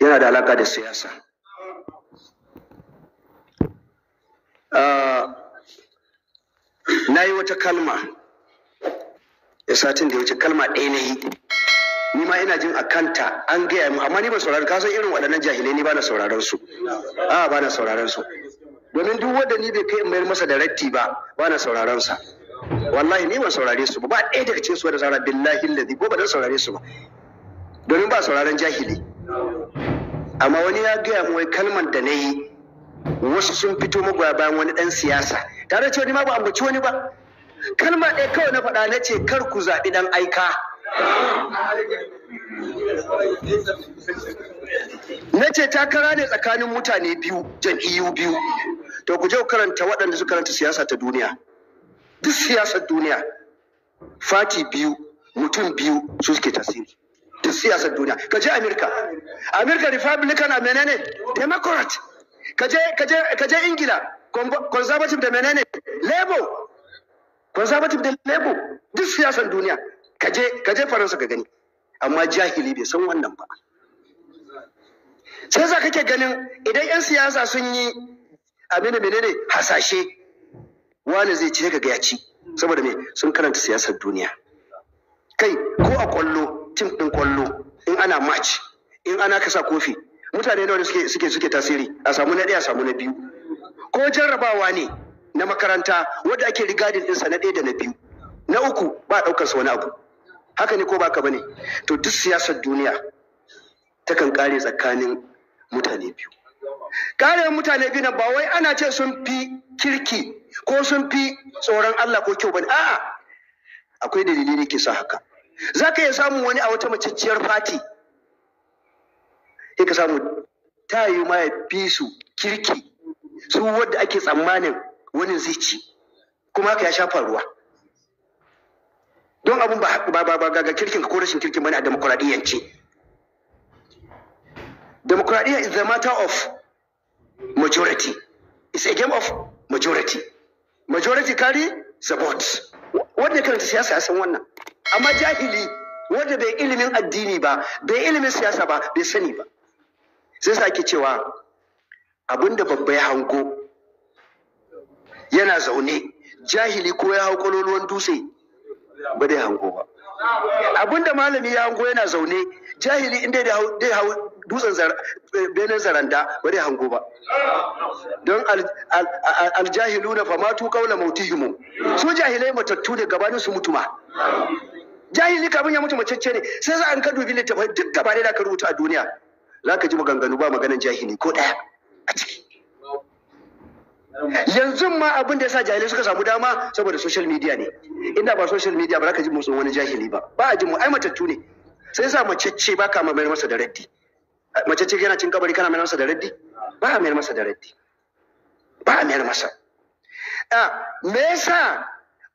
yana da alaka da siyasa ah, na yi wata kalma ya satin da ya wuce kalma ɗaya na yi ni ma ina jin a kanta an gaya mu amma ni ba sauraron ka san irin waɗannan jahilai ni ba na sauraron su a ba na sauraron su domin duk wanda ni bai kai mayar masa da ratti ba ba na sauraron sa wallahi ni ban saurare su ba ba ɗaya daga cikin su da saurara billahi ladi ko ba dan saurare su ba domin ba sauraron jahilai. amma wani ya gaya mu wai kalmar da na yi wasu sun fito magoya bayan wani ɗan siyasa tare ce wani ma ba ambaci wani ba kalma ɗaya kawai na faɗa na ce kar ku zaɓi ɗan aika na ce takara ne tsakanin mutane biyu jam'iyyu biyu to ku je karanta waɗanda su karanta siyasa ta duniya duk siyasar duniya fati biyu mutum biyu su suke tasiri duk siyasar duniya ka je amerika amerika republican a menene democrat ka je ingila conservative da menene labour conservative da labour duk siyasar duniya ka je faransa ka gani amma jahili bai san wannan ba sai za kake ganin idan 'yan siyasa sun yi abin da menene hasashe wani zai ci ka ga ya ci saboda me sun karanta siyasar duniya kai ko a kwallo tim ɗin kwallo in ana match in ana kasa kofi mutane nawa suke suke suke tasiri a samu na ɗaya a samu na biyu ko jarrabawa ne na makaranta wanda ake rigadin ɗinsa na ɗaya da na biyu na uku ba ɗaukarsa wani abu haka ne ko ba ka bane to duk siyasar duniya takan kare tsakanin mutane biyu kare mutane biyu nan ba wai ana ce sun fi kirki ko sun fi tsoron Allah ko kyau bane a'a akwai dalili ne ke sa haka za ka iya samun wani a wata macacciyar fati sai ka samu ta yi ma ya fi su kirki su wadda ake tsammanin wani zai ci kuma haka ya sha faruwa don abin ba ba ba ga kirkin ko rashin kirkin bane a demokuraɗiyyance demokuraɗiyya is the matter of majority it's a game of majority majority carry the vote wanda karanta siyasa ya san wannan amma jahili wanda bai ilimin addini ba bai ilimin siyasa ba bai sani ba sai sa ake cewa abinda babba ya hango yana zaune jahili ko ya hau kololuwan dutse ba dai hango ba abinda malami ya hango yana zaune jahili inda dai hau dutsen benin zaranda ba dai hango ba don aljahilu na famatu kaula mautihimu su jahilai matattu da gabanin su mutuma jahili kafin ya mutu macece ne sai za an ka dubi littafai duk gaba da ka rubuta a duniya za ka ji maganganu ba maganan jahili ko ɗaya a ciki yanzu ma abin da yasa jahilai suka samu dama saboda social media ne inda ba social media ba za ka ji musu wani jahili ba ba a ji mu ai matattu ne sai sa macece ba ka mai masa da raddi macece yana cin kabari kana mai masa da raddi ba a mai masa da raddi ba a mai masa ah, me yasa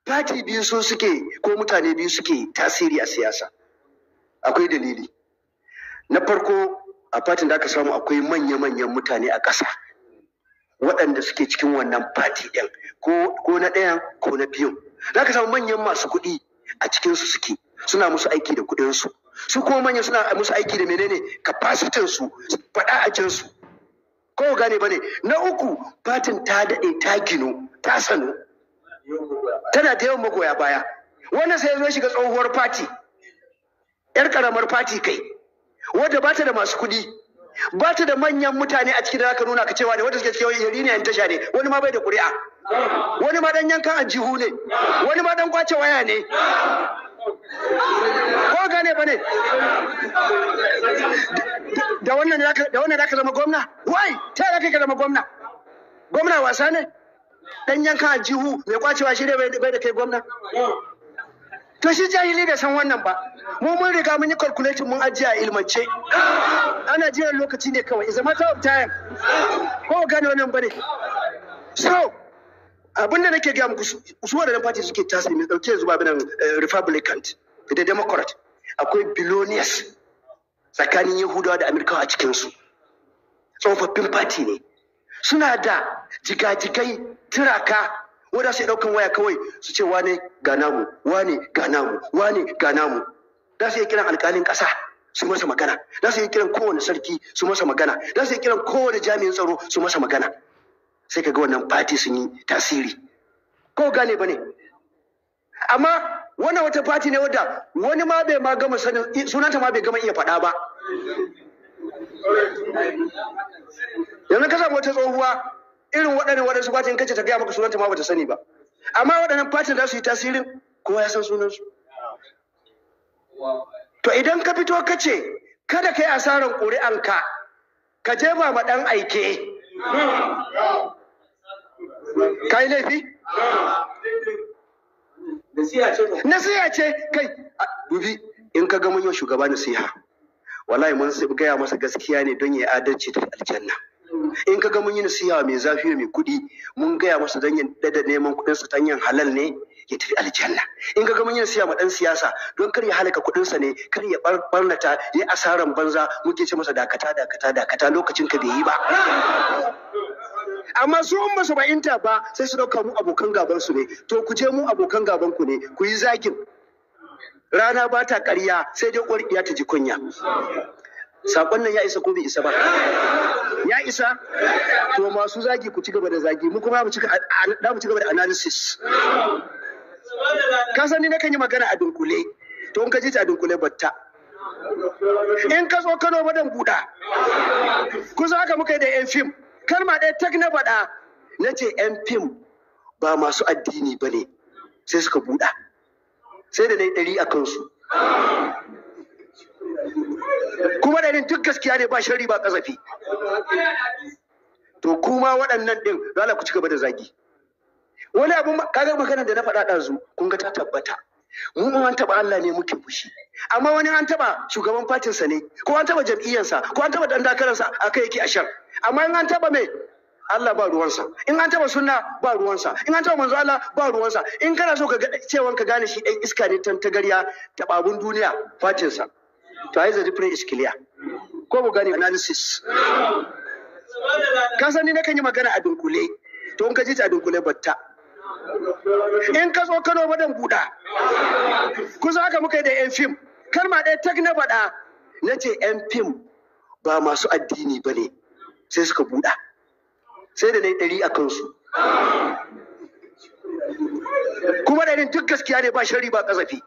fati biyu so suke ko mutane biyu suke tasiri a siyasa akwai dalili na farko a fatin da aka samu akwai manya-manyan mutane a ƙasa waɗanda suke cikin wannan fati ɗin ko na ɗayan ko na biyun da aka samu manyan masu kuɗi a cikinsu suke suna musu aiki da kuɗinsu su kuma manya suna musu aiki da menene kapasitinsu faɗa a jinsu ko gane ba ne na uku fatin ta daɗe ta gino ta sanu tana da yawan magoya baya wannan sai zo shiga tsohuwar fati yar karamar fati kai wadda ba ta da masu kuɗi ba ta da manyan mutane a cikin da aka nuna ka cewa ne wadda suke cewa yari ne tasha ne wani ma bai da ƙuri'a wani ma dan yankan jihu ne wani ma dan kwace waya ne ko gane ba ne da wannan da wannan zama gwamna wai ta kai ka zama gwamna gwamna wasa ne dan yanka jihu mai kwacewa shi ne bai da kai gwamna to shi jahili da san wannan ba mu mun riga mun yi calculation mun ajiya a ilmance ana jira lokaci ne kawai is a matter of time ko gane wannan bane so abin da nake gaya muku su wadannan party suke tasiri mai dauke zuwa binan eh, republican da democrat akwai billionaires tsakanin yahudawa da amerikawa a cikin su tsofaffin party ne suna da jigajigai turaka wanda sai daukan waya kawai su ce wane ga namu wane ga namu wane ga namu da su yi kiran alkalin kasa su masa magana da su yi kiran kowane sarki su masa magana da su yi kiran kowane jami'in tsaro su masa magana sai ka ga wannan fati sun yi tasiri ko gane ba ne amma wannan wata fati ne wadda wani ma bai ma gama sanin sunanta ma bai gama iya faɗa ba yanzu ka samu wata tsohuwa irin waɗannan waɗansu fatin kace ta gaya maka sunanta ma bata sani ba amma waɗannan fatin za su yi tasirin kowa ya san sunansu to idan ka fito kace kada ka yi asarar ƙuri'anka ka je ba ma aike ka yi laifi nasiha ce kai dubi in ka ga mun yau shugaba nasiha wallahi mun sai gaya masa gaskiya ne don ya adalci da aljanna in kaga mun yi nasiha mai zafi mai kuɗi mun gaya masa don ya dada neman kuɗin sa hanyar halal ne ya tafi aljanna in kaga mun yi nasiha ma dan siyasa don kar ya halaka kuɗin sa ne kar ya barnata ya asaran banza muke ce masa dakata dakata dakata lokacin ka bai yi ba amma su in ba su ba sai su dauka mu abokan gaban su ne to ku je mu abokan gaban ku ne ku yi zakin rana ba ta ƙarya sai dai uwar ya ta ji kunya Sakon nan ya isa ko bai isa ba ya isa to masu zagi ku ci gaba da zagi mu kuma mu ci gaba da analysis ka sani na kan yi magana a dunkule to in ka ji ta a dunkule batta in ka zo kano madan buɗa kusa haka muka yi da yan fim kalma ɗaya tak na faɗa. na ce yan fim ba masu addini ba ne sai suka buɗa sai da na yi ɗari a kansu kuma ɗarin duk gaskiya ne ba shari ba ƙazafi to kuma waɗannan ɗin dole ku ci gaba da zagi wani abu kaga maganar da na faɗa ɗazu kun ga ta tabbata mu an taɓa Allah ne muke fushi amma wani an taɓa shugaban fatinsa ne ko an taɓa jam'iyyarsa ko an taɓa ɗan dakararsa kai yake a shan amma in an taɓa mai Allah ba ruwansa in an taba sunna ba ruwansa in an taba manzo Allah ba ruwansa in kana so ka ga cewan ka gane shi dan iska ne tan tagariya ta babun duniya fatin sa to ai the different is clear ko mu gane analysis ka sani na kan yi magana a dunkule to in ka ji ta a dunkule batta in ka zo Kano badan buɗa kusa haka muka yi da yan fim kalma ɗaya tag na bada na ce yan fim ba masu addini ba ne sai suka buɗa sai da na yi ɗari a kansu kuma da duk gaskiya ne ba shari ba ƙazafi